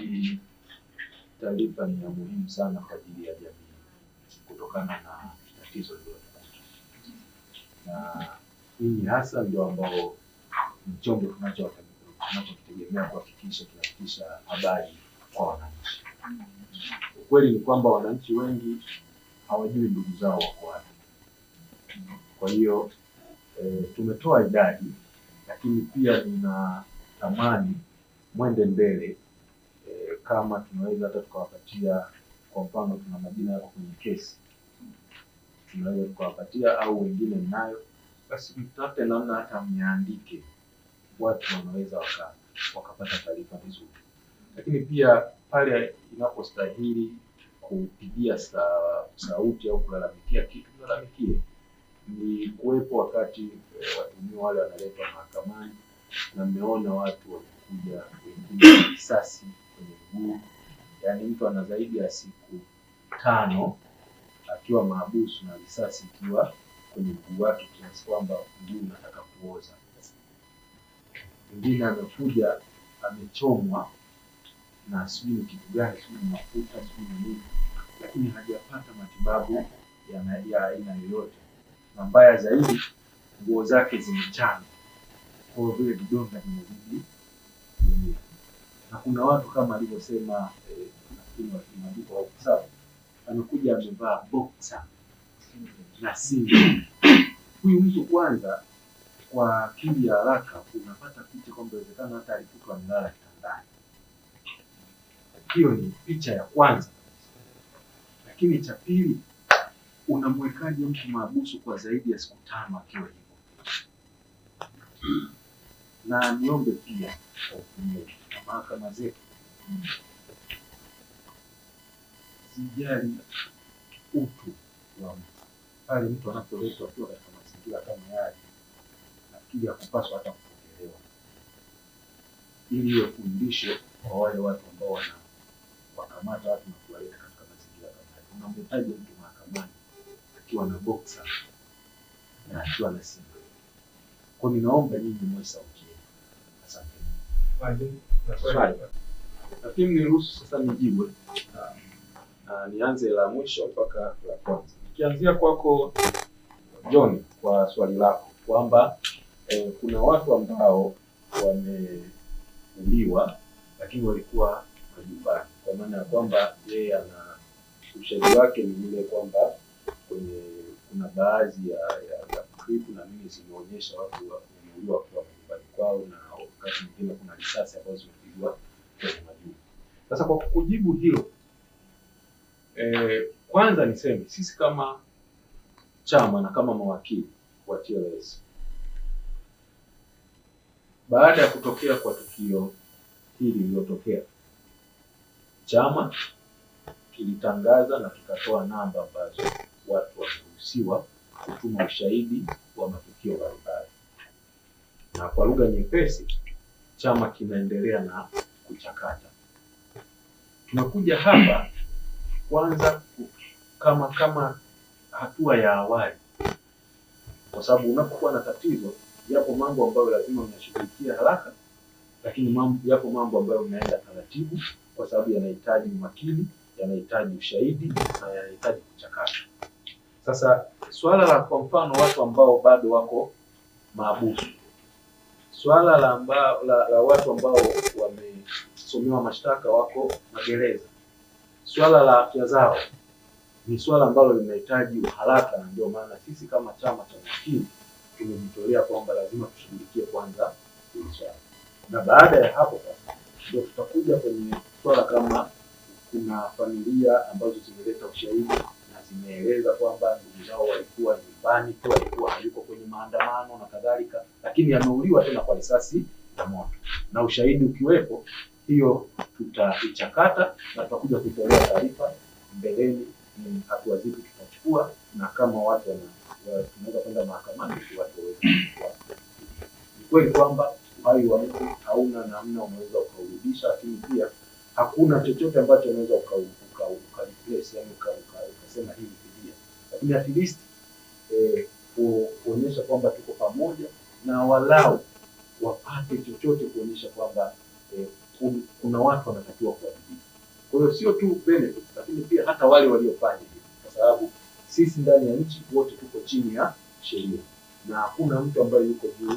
hii taarifa ni ya muhimu sana kwa ajili ya jamii kutokana na tatizo lililotukuta, na hii hasa ndio ambao ni chombo tunachokitegemea kuhakikisha tunafikisha habari kwa wananchi. Ukweli ni kwamba wananchi wengi hawajui ndugu zao wako wapi. Kwa hiyo e, tumetoa idadi, lakini pia nina thamani mwende mbele kama tunaweza hata tukawapatia, kwa mfano tuna majina yako kwenye kesi, tunaweza tukawapatia au wengine mnayo, basi mtafute namna hata mniandike, watu wanaweza waka, wakapata taarifa vizuri, lakini pia pale inapostahili kupigia sa, sauti au kulalamikia kitu tulalamikie. Ni kuwepo wakati eh, watumia wale wanaletwa mahakamani na mmeona watu wamekuja wengine kisasi miguu, yaani mtu ana zaidi ya siku tano akiwa mahabusu na risasi ikiwa kwenye mguu wake kiasi kwamba mguu unataka kuoza. Mwingine amekuja amechomwa na sijui ni kitu gani, sijui ni mafuta, sijui ni nini, lakini hajapata matibabu ya aina yoyote, na mbaya zaidi nguo zake zimechana, kwa vile vidonda vimezidi na kuna watu kama alivyosema eh, amekuja amevaa boksa na Simba. Huyu mtu kwanza, kwa akili ya haraka unapata picha kwamba inawezekana hata alikuwa amelala kitandani. Hiyo ni picha ya kwanza, lakini cha pili, unamwekaje mtu maagusu kwa zaidi ya siku tano akiwa hivyo? na niombe pia na mahakama zetu sijali utu wa mtu pale mtu anapoletwa akiwa katika mazingira kama yale, nafikiri hakupaswa hata kupokelewa, ili wafundishe kwa wale watu ambao wana wakamata watu na kuwaleta katika mazingira kama yale. Unamletaje mtu mahakamani akiwa na boksa na akiwa na simu? Kwa ninaomba nyinyi mwe lakini niruhusu sasa nijibu, nianze la mwisho mpaka la kwanza, nikianzia kwako John, kwa swali lako kwamba eh, kuna watu ambao wameuliwa lakini walikuwa majumbani, kwa maana ya kwamba yeye ana ushahidi wake ni ile kwamba kwenye kuna baadhi ya, ya, ya klipu na nini zimeonyesha watu wameuliwa wakiwa majumbani kwao na wakati mwingine kuna risasi ambazo zimepigwa kwenye majuu. Sasa kwa kujibu hilo e, kwanza niseme sisi kama chama na kama mawakili wa TLS baada ya kutokea kwa tukio hili lililotokea, chama kilitangaza na kikatoa namba ambazo watu wameruhusiwa kutuma ushahidi wa matukio mbalimbali, na kwa lugha nyepesi chama kinaendelea na kuchakata. Tunakuja hapa kwanza kama kama hatua ya awali, kwa sababu unapokuwa na tatizo, yapo mambo ambayo lazima unashughulikia haraka, lakini mambo, yapo mambo ambayo unaenda taratibu, kwa sababu yanahitaji umakini, yanahitaji ushahidi na yanahitaji kuchakata. Sasa swala la kwa mfano watu ambao bado wako maabusu swala la, mba, la, la watu ambao wamesomewa mashtaka wako magereza, swala la afya zao ni swala ambalo linahitaji uharaka, na ndio maana sisi kama chama cha Maskini tumejitolea kwamba lazima tushughulikie kwanza hili swala, na baada ya hapo sasa ndio tutakuja kwenye swala kama kuna familia ambazo zimeleta ushahidi na zimeeleza kwamba ndugu zao walikuwa nyumbani kwa lakini ameuliwa tena kwa risasi ya moto, na ushahidi ukiwepo, hiyo tutaichakata na tutakuja kutolea taarifa mbeleni, ni hatua zipi tutachukua na kama watu tunaweza kwenda mahakamani Ni kweli kwamba uhai wa mtu hauna namna unaweza ukaurudisha, lakini pia hakuna chochote ambacho unaweza ukasema hivi, lakini at least na walau wapate chochote kuonyesha kwamba eh, kuna watu wanatakiwa kuadhibika. Kwa hiyo sio tu benefits, lakini pia hata wale waliofanya hivi, kwa sababu sisi ndani ya nchi wote tuko chini ya sheria na hakuna mtu ambaye yuko juu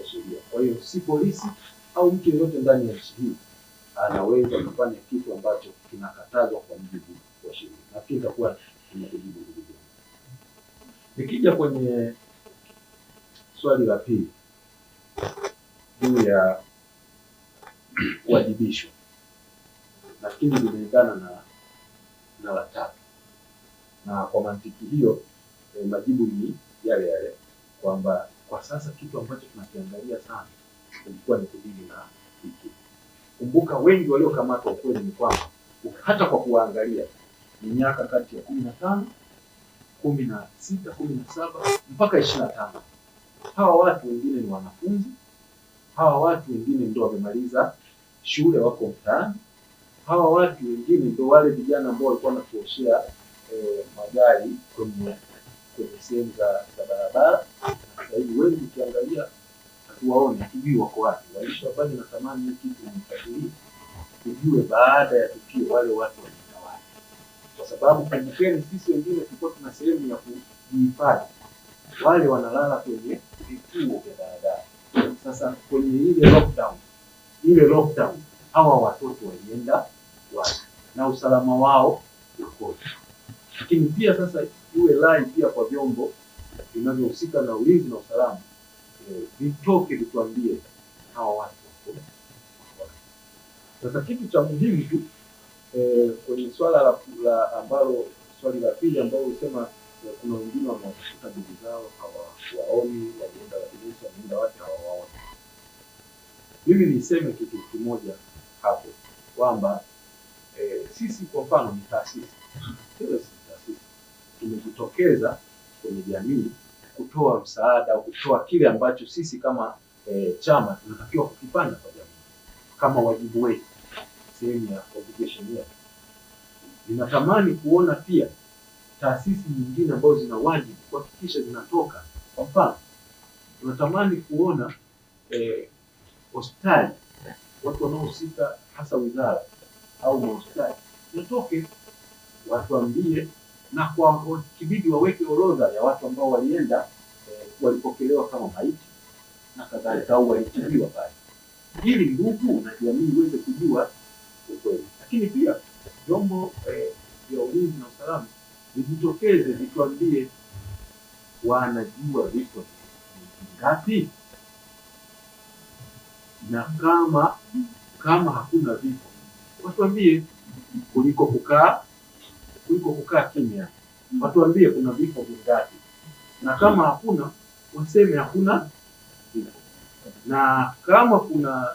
ya sheria. Kwa hiyo si polisi au mtu yeyote ndani ya nchi hii anaweza kufanya kitu ambacho kinakatazwa kwa mujibu wa sheria. Nafikiri itakuwa Nikija kwenye swali la pili juu ya uadhibisho nafikiri limeendana na na watatu, na kwa mantiki hiyo eh, majibu ni yale yale kwamba kwa sasa kitu ambacho tunakiangalia sana ilikuwa ni kudili na hiki. Kumbuka wengi waliokamatwa ukweli ni kwamba hata kwa kuwaangalia ni miaka kati ya kumi na tano kumi na sita kumi na saba mpaka ishirini na tano. Hawa watu wengine ni wanafunzi, hawa watu wengine ndio wamemaliza shule wako mtaani, hawa watu wengine ndio wale vijana ambao walikuwa wanatuoshea eh, magari kwenye kwenye sehemu za, barabara. Sasa hivi wengi ukiangalia hatuwaone, hatujui wako wapi. waishi wafanye na thamani hii kitu mfatilii, tujue baada ya tukio wale watu wanaenda wapi, kwa sababu kumbukeni, sisi wengine tulikuwa tuna sehemu ya kujihifadhi, wale wanalala kwenye vituo vya daladala. Sasa kwenye ile lockdown, ile lockdown hawa watoto walienda wapi na usalama wao uko? Lakini pia sasa iwe lai pia kwa vyombo vinavyohusika na ulinzi na usalama eh, vitoke, e, vituambie hawa watu wako. Sasa kitu cha muhimu tu eh, kwenye swala la ambalo swali la pili ambalo husema kuna wengine wanawafuta bibi zao hawawaoni, walienda wajenesi, walienda wapi hawawaoni. Mimi niseme kitu kimoja hapo kwamba e, sisi kwa mfano ni taasisi TLS ni taasisi, tumejitokeza kwenye jamii kutoa msaada au kutoa kile ambacho sisi kama e, chama tunatakiwa kukifanya kwa jamii kama wajibu wetu, sehemu ya obligation yetu. Ninatamani kuona pia taasisi nyingine ambazo zina wajibu kuhakikisha zinatoka. Kwa mfano, tunatamani kuona eh, hospitali eh, watu wanaohusika hasa wizara au mahospitali natoke watuambie, na kwa kibidi waweke orodha ya watu ambao walienda eh, walipokelewa kama maiti na kadhalika, au walitibiwa pale, ili ndugu na jamii iweze kujua ukweli. Lakini pia vyombo eh, vya eh, ulinzi na usalama vijitokeze vituambie wanajua vifo ngapi? na kama kama hakuna vifo watuambie, kuliko kukaa kuliko kukaa kimya. Watuambie kuna vifo vingapi, na kama hakuna waseme hakuna vifo, na kama kuna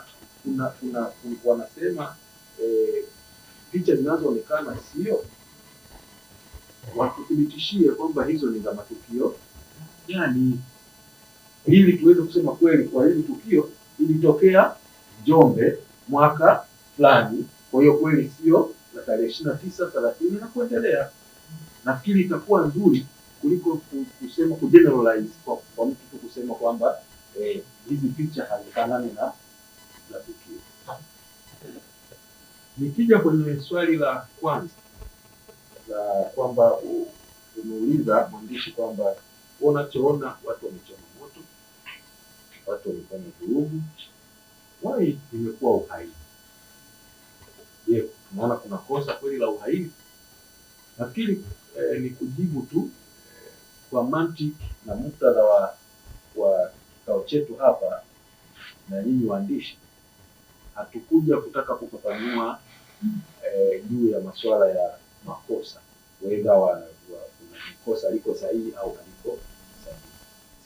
kuna kuna wanasema eh, picha zinazoonekana sio wakuthibitishie kwamba hizo ni za matukio yani ili tuweze kusema kweli, kwa hili tukio ilitokea Njombe mwaka fulani, kwa hiyo kweli sio na tarehe ishirini na tisa thelathini na kuendelea. Nafikiri itakuwa nzuri kuliko kusema generalize kwa, kwa mtu tu kusema kwamba eh, hizi picha hazifanani na na tukio. Nikija kwenye swali la kwanza za kwamba umeuliza mwandishi kwamba unachoona watu wamechoma moto, watu wamefanya vurugu, wai imekuwa uhaini. Je, unaona kuna kosa kweli la uhaini? Nafikiri eh, ni kujibu tu eh, kwa mantiki na muktadha wa wa kikao chetu hapa na nyinyi waandishi, hatukuja kutaka kufafanua eh, juu eh, ya masuala ya kuna wamekosa liko sahihi au haliko sahihi.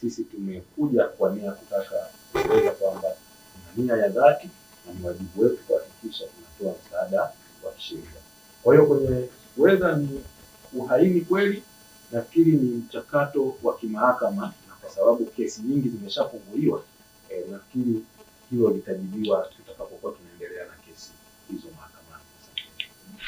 Sisi tumekuja kwa nia kutaka kueleza kwamba tuna nia ya dhati na ni wajibu wetu kuhakikisha tunatoa msaada wa kisheria. Kwa hiyo kwenye weza ni uhaini kweli, nafikiri ni mchakato wa kimahakama, na kwa sababu kesi nyingi zimeshafunguliwa, eh, nafikiri hilo litajibiwa tutakapokuwa tuna